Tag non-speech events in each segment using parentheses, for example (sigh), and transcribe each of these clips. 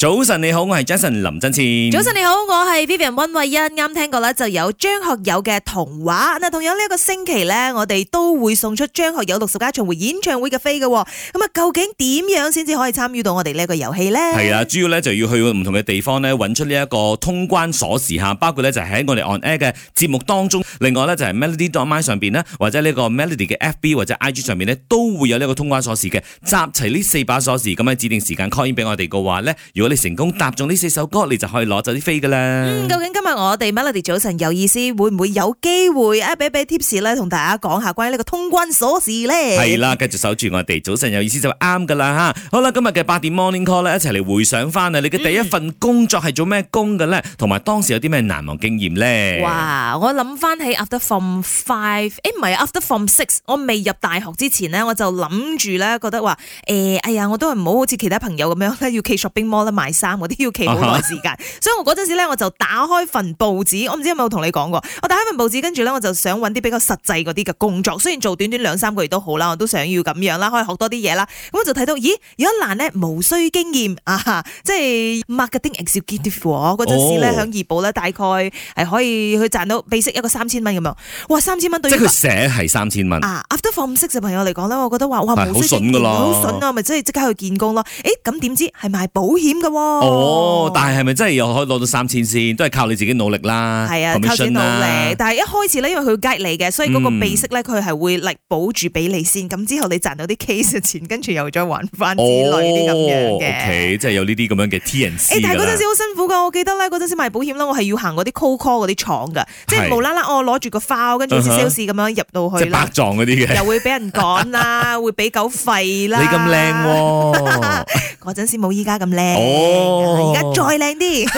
早晨你好，我係 Jason 林振千。早晨你好，我係 Vivian 溫慧欣。啱聽過咧，就有張學友嘅童話。嗱，同樣呢一個星期咧，我哋都會送出張學友六十加巡迴演唱會嘅飛嘅。咁啊，究竟點樣先至可以參與到我哋呢個遊戲咧？係啊，主要咧就要去唔同嘅地方咧，揾出呢一個通關鎖匙吓。包括咧就係、是、喺我哋 on air 嘅節目當中，另外咧就係、是、Melody Online 上邊咧，或者呢個 Melody 嘅 FB 或者 IG 上邊咧，都會有呢個通關鎖匙嘅。集齊呢四把鎖匙，咁樣指定時間 call in 俾我哋嘅話咧，如果你成功答中呢四首歌，你就可以攞走啲飛噶啦。嗯，究竟今日我哋 Melody 早晨有意思，會唔會有機會啊？俾俾 tips 咧，同大家講下關於呢個通關鎖匙咧。係 (laughs) 啦，繼續守住我哋早晨有意思就啱噶啦吓。好啦，今日嘅八點 Morning Call 咧，一齊嚟回想翻啊！你嘅第一份工作係做咩工嘅咧？同埋、嗯、當時有啲咩難忘經驗咧？哇！我諗翻起 After Form Five，誒唔係 After Form Six，我未入大學之前咧，我就諗住咧，覺得話誒、欸，哎呀，我都係唔好好似其他朋友咁樣要企 shopping mall 啦。買衫嗰啲要企好耐時間， (laughs) 所以我嗰陣時咧，我就打開份報紙，我唔知有冇同你講過，我打開份報紙，跟住咧，我就想揾啲比較實際嗰啲嘅工作，雖然做短短兩三個月都好啦，我都想要咁樣啦，可以多學多啲嘢啦。咁我就睇到，咦，有一欄咧，無需經驗啊，即係 marketing executive 嗰陣時咧，響二保咧，大概係可以去賺到利息一個三千蚊咁樣。哇，三千蚊對於即佢寫係三千蚊啊！after 放息嘅朋友嚟講咧，我覺得話哇，無需經驗好順㗎啦，好順啊，咪即係即刻去見工咯。誒，咁點知係賣保險哦，但係係咪真係又可以攞到三千先？都係靠你自己努力啦。係啊，靠自己努力。但係一開始咧，因為佢 g 吉你嘅，所以嗰個利息咧，佢係會嚟保住俾你先。咁之後你賺到啲 case 嘅錢，跟住又再還翻之類啲咁樣嘅。即係有呢啲咁樣嘅，但係嗰陣時好辛苦噶，我記得咧，嗰陣時賣保險啦，我係要行嗰啲 c a c a 嗰啲廠噶，即係無啦啦，我攞住個包，跟住好似咁樣入到去，百撞嗰啲嘅，又會俾人趕啦，會俾狗吠啦。你咁靚喎！嗰陣時冇依家咁靚，而家、哦、再靚啲。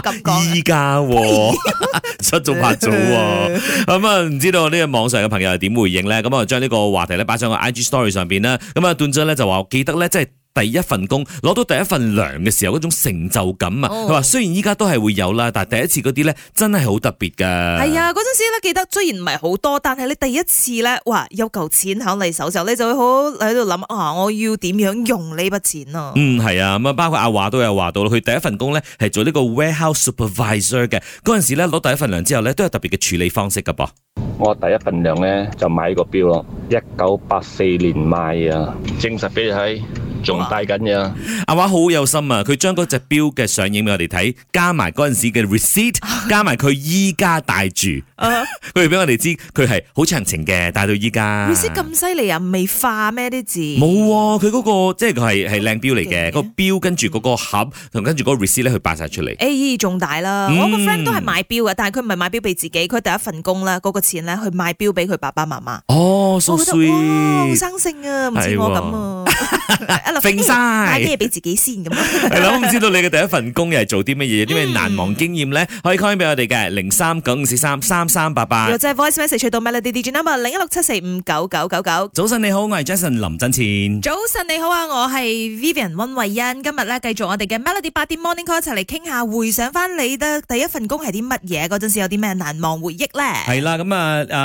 咁講，依家七早八早啊，咁 (laughs) 啊，唔 (laughs) 知道呢個網上嘅朋友係點回應咧？咁啊，將呢個話題咧擺上個 I G Story 上邊啦。咁啊，段津咧就話我記得咧，即係。第一份工攞到第一份糧嘅時候，嗰種成就感啊，佢話、oh。雖然依家都係會有啦，但係第一次嗰啲咧真係好特別噶係啊，嗰陣時咧記得，雖然唔係好多，但係你第一次咧，哇，有嚿錢考你手上時候，你就會好喺度諗啊，我要點樣用呢筆錢啊？嗯，係啊，咁啊，包括阿華都有話到佢第一份工咧係做呢個 warehouse supervisor 嘅嗰陣時咧，攞第一份糧之後咧，都有特別嘅處理方式噶。噃我第一份糧咧就買個錶咯，一九八四年買啊，證實俾你睇。仲戴緊嘅，阿華好有心啊！佢將嗰隻表嘅上映俾我哋睇，加埋嗰陣時嘅 receipt，加埋佢依家戴住，佢哋俾我哋知佢係好長情嘅，戴到依家。receipt 咁犀利啊！未化咩啲字？冇，佢嗰個即係佢係係靚表嚟嘅，個表跟住嗰個盒同跟住嗰個 receipt 咧，佢擺晒出嚟。意義重大啦！我個 friend 都係買表嘅，但係佢唔係買表俾自己，佢第一份工咧，嗰個錢咧去買表俾佢爸爸媽媽。哦，我覺得 so sweet 哇，好生性啊，唔似我咁啊！一落剩曬，買咩俾自己先咁啊？係咯，我唔知道你嘅第一份工又係做啲咩嘢，有啲咩難忘經驗咧，可以 call 翻俾我哋嘅零三九五四三三三八八。或者 voice message 到 Melody DJ number 零一六七四五九九九九。早晨你好，我係 Jason 林振前。早晨你好啊，我係 Vivian 温慧欣。今日咧繼續我哋嘅 Melody 八點 Morning Call 一齊嚟傾下，回想翻你嘅第一份工係啲乜嘢？嗰陣時有啲咩難忘回憶咧？係啦，咁啊啊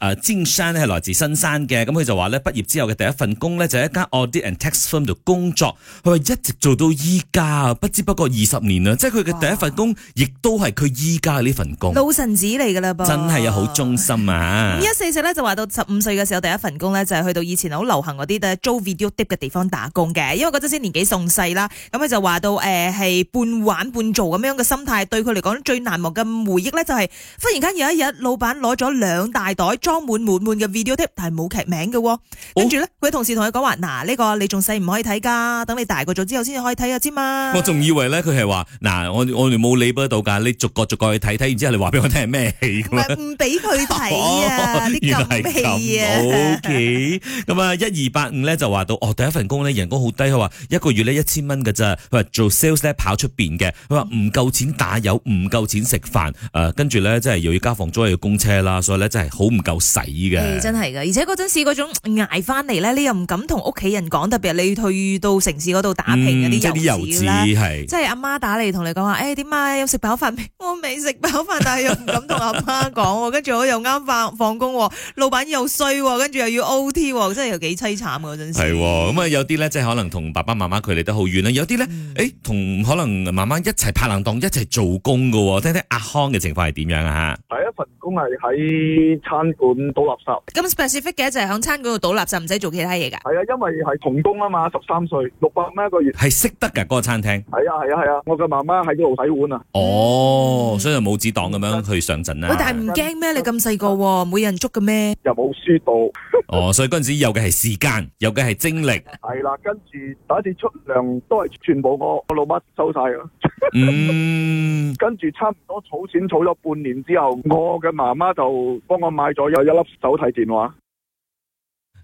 啊 Jing Shan 咧係來自新山嘅，咁佢就話咧畢業之後嘅第一份工咧就係一間我啲。text firm 度工作，佢話一直做到依家啊，不知不覺二十年啦，即係佢嘅第一份工，亦都係佢依家呢份工，老臣子嚟噶啦噃，真係有好忠心啊！一四四咧就話到十五歲嘅時候，第一份工咧就係去到以前好流行嗰啲租 video tip 嘅地方打工嘅，因為嗰陣時年紀仲細啦，咁佢就話到誒係、呃、半玩半做咁樣嘅心態，對佢嚟講最難忘嘅回憶咧就係忽然間有一日老闆攞咗兩大袋裝滿滿滿嘅 video tip，但係冇劇名嘅，跟住咧佢同事同佢講話嗱，呢個。你仲細唔可以睇噶，等你大個咗之後先至可以睇下啫嘛。我仲以為咧，佢係話嗱，我我哋冇理得到噶，你逐個逐個去睇睇，然之後你話俾我聽係咩戲。唔係唔俾佢睇啊？啲禁戲啊。OK，咁啊，一二八五咧就話到哦，第一份工咧人工好低，佢話一個月咧一千蚊嘅咋。佢話做 sales 咧跑出邊嘅，佢話唔夠錢打油，唔夠錢食飯。誒、呃，跟住咧即係又要交房租又要供車啦，所以咧真係好唔夠使嘅。真係噶，而且嗰陣時嗰種捱翻嚟咧，你又唔敢同屋企人講。講特別你去到城市嗰度打拼嗰啲遊子啦，係、嗯、即係阿媽打嚟同你講話，誒是，點解要食飽飯？我未食飽飯，但係又唔敢同阿媽講。跟住 (laughs) 我又啱放放工，老闆又衰，哦嗯欸，跟住又要 OT，真係又幾淒慘嗰陣時。係咁啊，有啲咧即係可能同爸爸媽媽距離得好遠啦，有啲咧誒，同可能媽媽一齊拍冷檔，一齊做工噶。聽聽阿康嘅情況係點樣啊？ (noise) (noise) 份工係喺餐館倒垃圾，咁 specific 嘅就係響餐館度倒垃圾，唔使做其他嘢噶。係啊，因為係童工啊嘛，十三歲，六百蚊一個月，係識得噶嗰個餐廳。係啊係啊係啊，我嘅媽媽喺度洗碗啊。哦，所以冇紙擋咁樣去上陣啦。喂，但係唔驚咩？你咁細個，冇人捉嘅咩？又冇輸到。哦，所以嗰陣時有嘅係時間，有嘅係精力。係啦，跟住第一次出糧都係全部我我老媽收晒嘅。嗯，跟住差唔多儲錢儲咗半年之後，我。我嘅媽媽就幫我買咗有一粒手提電話。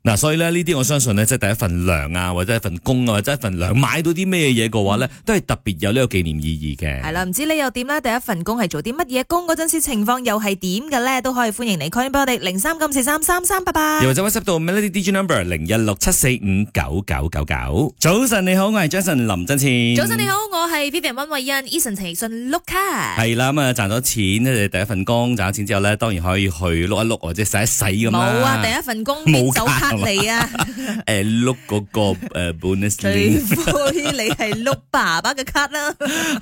嗱，所以咧呢啲我相信咧，即係第一份糧啊，或者一份工啊，或者一份糧買到啲咩嘢嘢嘅話咧，都係特別有呢個紀念意義嘅。係啦，唔知你又點咧？第一份工係做啲乜嘢工嗰陣時，情況又係點嘅咧？都可以歡迎嚟 call in 俾我哋零三九四三三三八八，又或者 WhatsApp 到 Melody D J Number 零一六七四五九九九九。早晨你好，我係 Jason 林振前。早晨你好，我係 Vivian 溫慧欣，Eason 陳奕迅，Luca。係啦，咁啊賺到錢咧，第一份工賺咗錢之後咧，當然可以去碌一碌或者洗一洗咁啊。冇啊，第一份工啲手卡。嚟啊！誒，碌嗰個誒 bonus leave，除非你係碌爸爸嘅卡啦。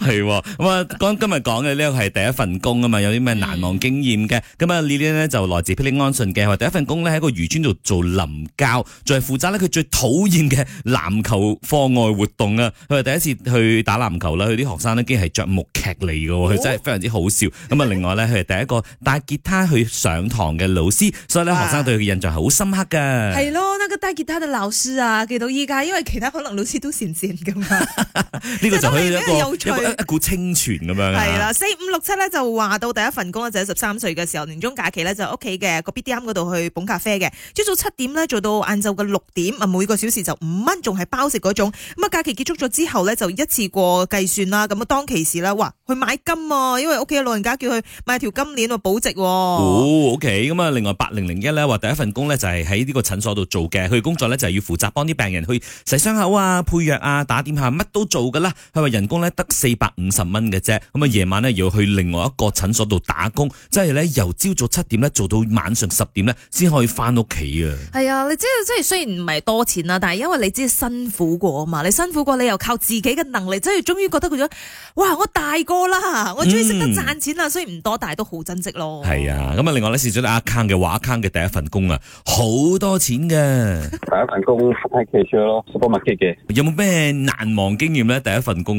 係咁啊，今今日講嘅呢個係第一份工啊嘛，有啲咩難忘經驗嘅？咁啊，李李咧就來自霹靂安順嘅，話第一份工咧喺一個漁村度做臨教，仲係負責咧佢最討厭嘅籃球課外活動啊！佢話第一次去打籃球啦，佢啲學生咧竟然係著木屐嚟㗎，佢真係非常之好笑。咁啊，另外咧佢係第一個帶吉他去上堂嘅老師，所以咧學生對佢嘅印象係好深刻㗎。係咯，那、 (music) 這個彈吉他嘅老師啊，記到依家，因為其他可能老師都善善噶嘛。呢就可以有一個 (music) 一一股清泉咁樣。係啦，四五六七咧就話到第一份工就喺十三歲嘅時候，年中假期咧就屋企嘅個 B D M 嗰度去捧咖啡嘅，朝早七點咧做到晏晝嘅六點，啊每個小時就五蚊，仲係包食嗰種。咁啊假期結束咗之後咧就一次過計算啦，咁啊當其時咧哇去買金啊，因為屋企嘅老人家叫佢買條金鏈去保值、啊。哦，OK，咁啊另外八零零一咧話第一份工咧就係喺呢個診所。嗰度做嘅，佢工作咧就係要負責幫啲病人去洗傷口啊、配藥啊、打點下乜都做噶啦。佢話人工咧得四百五十蚊嘅啫。咁啊，夜晚咧要去另外一個診所度打工，即係咧由朝早七點咧做到晚上十點咧，先可以翻屋企啊。係啊，你即係即係雖然唔係多錢啊，但係因為你知辛苦過啊嘛，你辛苦過，你又靠自己嘅能力，即係終於覺得佢咗，哇！我大個啦，我終於識得賺錢啦，雖然唔多，但係都好珍惜咯。係啊，咁啊，另外咧，試咗阿坑嘅話坑嘅第一份工啊，好多錢。點嘅第一份工開 cashier 咯，麥記嘅。有冇咩難忘經驗咧？第一份工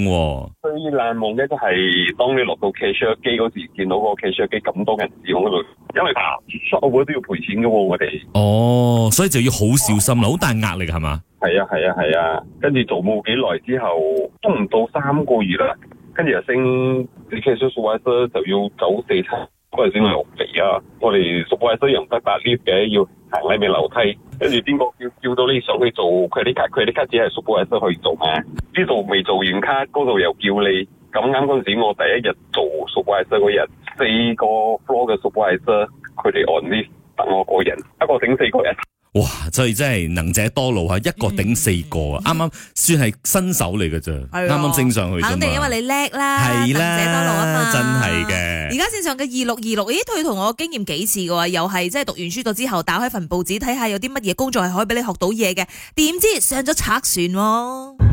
最難忘嘅都係當你落到 cashier 機嗰時，見到個 cashier 機，咁多嘅人佔用嗰度，因為 cash short 都要賠錢嘅喎，我哋。哦，oh, 所以就要好小心啦，好大壓力係嘛？係啊，係啊，係啊。跟住做冇幾耐之後，都唔到三個月啦，跟住又升，你 cashier 數啊，就要走四。嗰陣時我肥啊，我哋熟鋪喺度唔得搭 lift 嘅，要行喺邊樓梯，跟住邊個叫叫到你上去做佢啲卡，佢啲卡紙係熟鋪喺度去做嘛，呢度未做完卡，嗰度又叫你。咁啱嗰陣時我第一日做熟鋪喺度，嗰日四個 floor 嘅熟鋪喺度，佢哋按 lift 等我個人，一個整四個人。哇！所以真係能者多勞啊，嗯、一個頂四個啊，啱啱，嗯、算係新手嚟嘅啫，啱啱，嗯、升上去肯、嗯、定因為你叻啦，能者多勞啊真係嘅。而家綫上嘅二六二六，咦，佢同我經驗幾次嘅又係即係讀完書咗之後，打開份報紙睇下有啲乜嘢工作係可以俾你學到嘢嘅，點知上咗賊船，啊。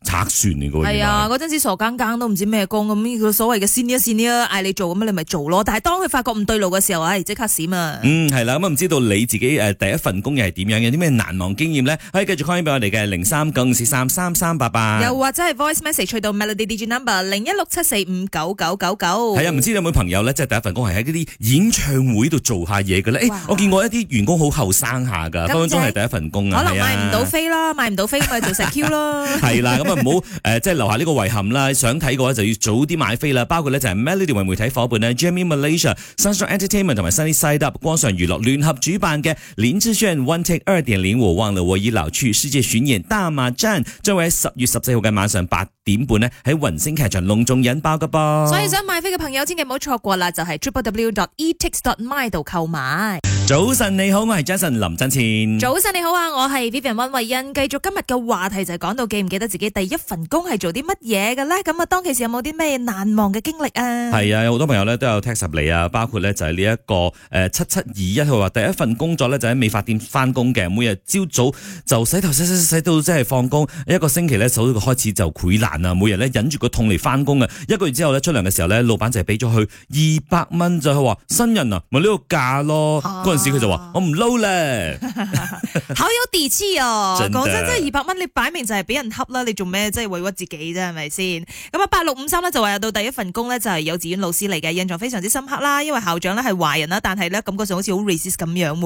拆船嘅嗰個嘢啊，嗰陣時傻更更都唔知咩工，咁佢所謂嘅 senior 啊，senior 啊嗌你做咁啊，你咪做咯。但係當佢發覺唔對路嘅時候，哎，即刻閃啊！嗯，係啦，咁啊唔知道你自己誒第一份工又係點樣嘅？有啲咩難忘經驗咧？可以繼續 call 翻俾我哋嘅零三九五四三三三八八，又或者係 voice message 去到 melody D G number 零一六七四五九九九九。係啊，唔知有冇朋友咧，即係第一份工係喺啲演唱會度做下嘢嘅咧？誒，我見過一啲員工好後生下噶，根本都係第一份工啊，可能買唔到飛啦，買唔到飛咪做實 Q 咯，係啦咁。唔好誒，即係留下呢個遺憾啦！想睇嘅話就要早啲買飛啦。包括咧就係 Melody 為媒體伙伴咧 Jamie Malaysia Sentral Entertainment 同埋 Sunny Side Up 光尚娛樂聯合主辦嘅林志炫 One Take 二點零，我忘了我已老去世界巡演大馬站，將會喺十月十四號嘅晚上八點半呢？喺雲星劇場隆重引爆噶噃，所以想買飛嘅朋友千祈唔好錯過啦，就係、是、www.etix.my 度購買。早晨你好，我係 Jason 林振千。早晨你好啊，我係 Vivian 温慧欣。繼續今日嘅話題就係講到記唔記得自己第一份工係做啲乜嘢嘅咧？咁啊，當其時有冇啲咩難忘嘅經歷啊？係啊，有好多朋友咧都有 text 嚟啊，包括呢就係呢一個誒、呃、七七二一佢話第一份工作呢就喺美發店翻工嘅，每日朝早就洗頭洗洗洗,洗,洗,洗到即係放工，一個星期咧手都開始就攰啦。每日咧忍住個痛嚟翻工嘅，一個月之後咧出糧嘅時候咧，老闆就係俾咗佢二百蚊，就係話新人啊，咪呢個價咯。嗰陣、啊、時佢就話：我唔撈咧， (laughs) 好有地痴啊、哦！講真的，真係二百蚊，你擺明就係俾人恰啦，你做咩即係委屈自己啫？係咪先？咁啊，八六五三咧就話到第一份工咧就係幼稚園老師嚟嘅，印象非常之深刻啦。因為校長咧係華人啦，但係咧感覺上好似好 racist 咁樣，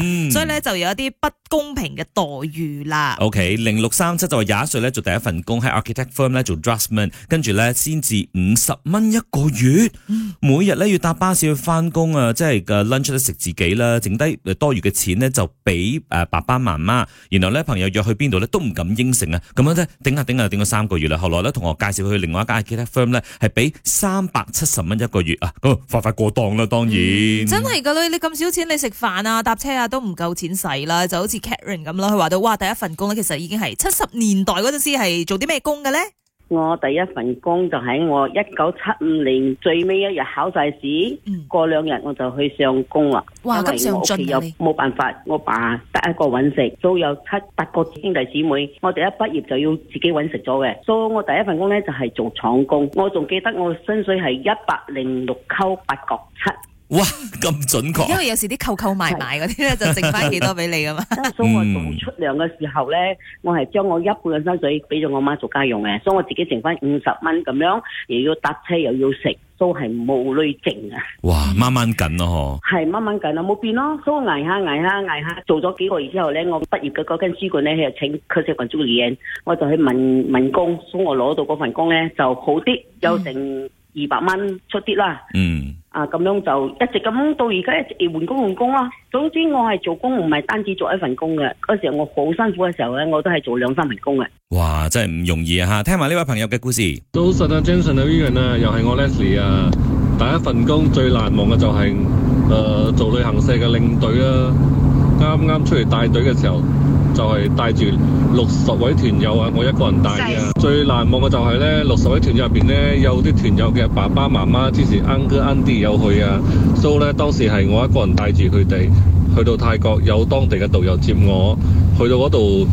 嗯、所以咧就有一啲不公平嘅待遇啦。OK，零六三七就話廿歲咧做第一份工喺 architect。做 draftman，跟住咧先至五十蚊一個月，每日咧要搭巴士去翻工啊！即係個 lunch 都食自己啦，剩低多餘嘅錢呢，就俾誒爸爸媽媽。然後咧朋友約去邊度咧都唔敢應承啊！咁樣咧頂下頂下，頂咗三個月啦。後來咧同學介紹佢去另外一間其他 firm 咧，係俾三百七十蚊一個月啊！快快過檔啦，當然真係噶啦！你咁少錢，你食飯啊、搭車啊都唔夠錢使啦，就好似 Karen 咁啦。佢話到哇，第一份工咧其實已經係七十年代嗰陣時係做啲咩工嘅咧？我第一份工就喺我一九七五年最尾一日考晒試，嗯、過兩日我就去上工啦。哇，咁上進啊你！因為我屋企又冇辦法，我爸得一個揾食，都有七八個兄弟姊妹，我哋一畢業就要自己揾食咗嘅。所以我第一份工呢，就係做廠工，我仲記得我薪水係一百零六溝八角七。哇，咁準確！因為有時啲扣扣埋埋嗰啲咧，就剩翻幾多俾你㗎嘛。所以我做出糧嘅時候咧，我係將我一半嘅薪水俾咗我媽做家用嘅，所以我自己剩翻五十蚊咁樣，又要搭車又要食，都係冇累剩啊！哇，掹掹緊咯嗬，係掹掹緊啊，冇變咯。所以我捱下捱下捱下，做咗幾個月之後咧，我畢業嘅嗰間書館咧，佢就請佢請份做嘢，我就去問問工。所以我攞到嗰份工咧就好啲，有剩二百蚊出啲啦。嗯。啊，咁樣就一直咁到而家一直要換工換工啦，啊。總之我係做工唔係單止做一份工嘅。嗰時候我好辛苦嘅時候咧，我都係做兩三份工嘅。哇，真係唔容易啊！吓，聽埋呢位朋友嘅故事。早晨啊，Jason 啊 v i 啊，又係我 Leslie 啊。第一份工最難忘嘅就係、是、誒、呃、做旅行社嘅領隊啦。啱啱出嚟帶隊嘅時候。就係帶住六十位團友啊，我一個人帶啊。 (noise) 最難忘嘅就係呢六十位團友入邊呢，有啲團友嘅爸爸媽媽之前 uncle auntie 有去啊。So 呢，當時係我一個人帶住佢哋去到泰國，有當地嘅導遊接我，去到嗰度。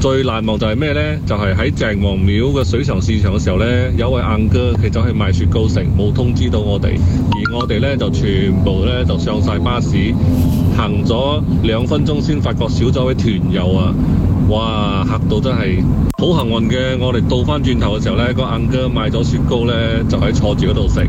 最難忘就係咩呢？就係喺鄭王廟嘅水上市場嘅時候呢，有位安哥佢走去買雪糕食，冇通知到我哋，而我哋呢就全部呢就上晒巴士，行咗兩分鐘先發覺少咗位團友啊！哇，嚇到真係好幸運嘅，我哋倒翻轉頭嘅時候呢，個安哥買咗雪糕呢就喺坐住嗰度食，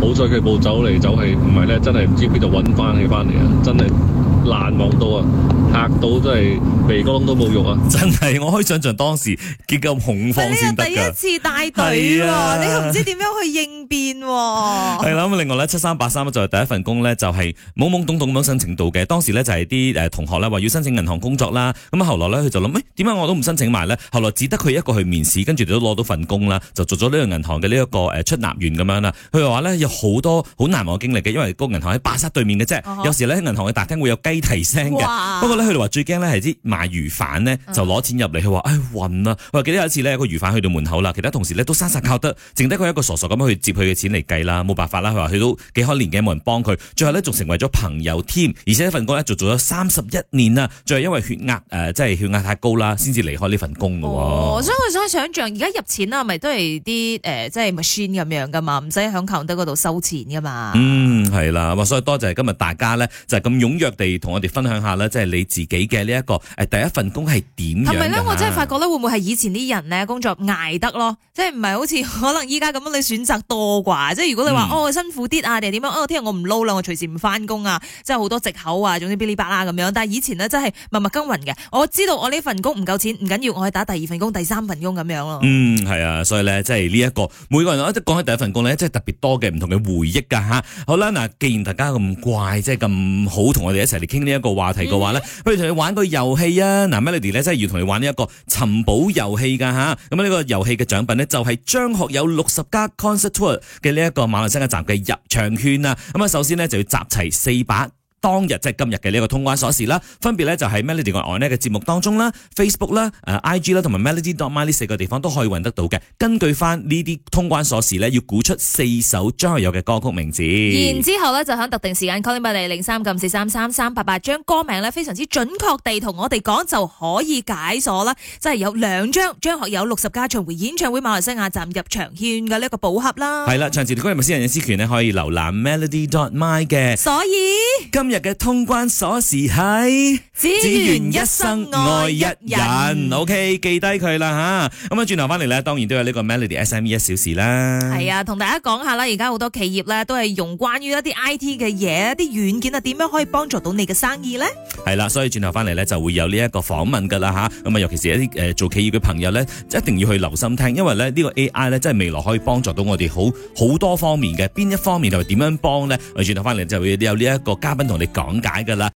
好彩佢冇走嚟走去，唔係呢真係唔知邊度揾翻佢翻嚟啊！真係。真難忘到啊！嚇到真係鼻哥窿都冇用啊！真係，我可以想象當時結咁恐慌先得第一次帶隊喎、啊啊，你又唔知點樣去應變喎、啊。係啦， (laughs) 咁另外咧，七三八三就係第一份工呢，就係、是、懵懵懂懂咁樣申請到嘅。當時呢，就係啲誒同學呢話要申請銀行工作啦。咁啊後來咧佢就諗，誒點解我都唔申請埋呢？後來只得佢一個去面試，跟住都攞到份工啦，就做咗呢個銀行嘅呢一個誒出納員咁樣啦。佢話呢，有好多好難忘嘅經歷嘅，因為個銀行喺巴剎對面嘅啫，uh huh. 有時呢，銀行嘅大廳會有雞。提升嘅，不過咧佢哋話最驚咧係啲賣魚販咧就攞錢入嚟，佢話唉暈啦！我記得有一次咧，個魚販去到門口啦，其他同事咧都生晒靠得，剩得佢一個傻傻咁去接佢嘅錢嚟計啦，冇辦法啦。佢話佢都幾歲年紀，冇人幫佢，最後咧仲成為咗朋友添，而且一份工咧就做咗三十一年啦，最後因為血壓誒即係血壓太高啦，先至離開呢份工噶。哦，所以我想想象而家入錢啦，咪都係啲誒即係 machine 咁樣噶嘛，唔使響靠得嗰度收錢噶嘛。嗯。係啦，哇！所以多謝今日大家咧，就係咁踴躍地同我哋分享下咧，即係你自己嘅呢一個誒，第一份工係點嘅樣？同埋咧，我真係發覺咧，會唔會係以前啲人咧工作捱得咯？即係唔係好似可能依家咁樣你選擇多啩？即係如果你話、嗯、哦辛苦啲啊，定係點樣？哦，聽日我唔撈啦，我隨時唔翻工啊！即係好多借口啊，總之嗶哩啪啦咁樣。但係以前呢，真係默默耕耘嘅。我知道我呢份工唔夠錢，唔緊要，我可以打第二份工、第三份工咁樣咯。嗯，係啊，所以咧即係呢一個每個人啊，即講起第一份工咧，即係特別多嘅唔同嘅回憶噶吓。好啦。嗱，既然大家咁怪，即係咁好，同我哋一齊嚟傾呢一個話題嘅話咧，mm hmm. 不如同你玩個遊戲啊！嗱，Melody 咧真係要同你玩呢一個尋寶遊戲噶吓，咁啊呢個遊戲嘅獎品咧就係、是、張學友六十加 concert tour 嘅呢一個馬來西亞站嘅入場券啊！咁啊，首先咧就要集齊四百。當日即係今日嘅呢個通關鎖匙啦，分別咧就係 Melody 嘅外咧嘅節目當中啦、Facebook 啦、誒 IG 啦同埋 Melody dot my 呢四個地方都可以揾得到嘅。根據翻呢啲通關鎖匙咧，要估出四首張學友嘅歌曲名字。然之後咧就喺特定時間 call in me 嚟零三九四三三三八八，將歌名咧非常之準確地同我哋講就可以解鎖啦。即係有兩張張學友六十加巡迴演唱會馬來西亞站入場券嘅呢一個寶盒啦。係啦，唱詞同歌嘅私人隱私權咧可以瀏覽 Melody dot my 嘅。所以今今日嘅通關鎖匙係只願一生愛一人，一愛一人，OK，記低佢啦吓。咁啊，轉頭翻嚟咧，當然都有呢個 Melody SME 一小時啦。係啊，同大家講下啦，而家好多企業咧都係用關於一啲 IT 嘅嘢，一啲軟件啊，點樣可以幫助到你嘅生意咧？係啦，所以轉頭翻嚟咧就會有呢一個訪問噶啦吓。咁啊，尤其是一啲誒、呃、做企業嘅朋友咧，一定要去留心聽，因為咧呢、這個 AI 咧真係未來可以幫助到我哋好好多方面嘅，邊一方面又點樣幫咧？轉頭翻嚟就會有呢一個嘉賓同。你講解㗎啦～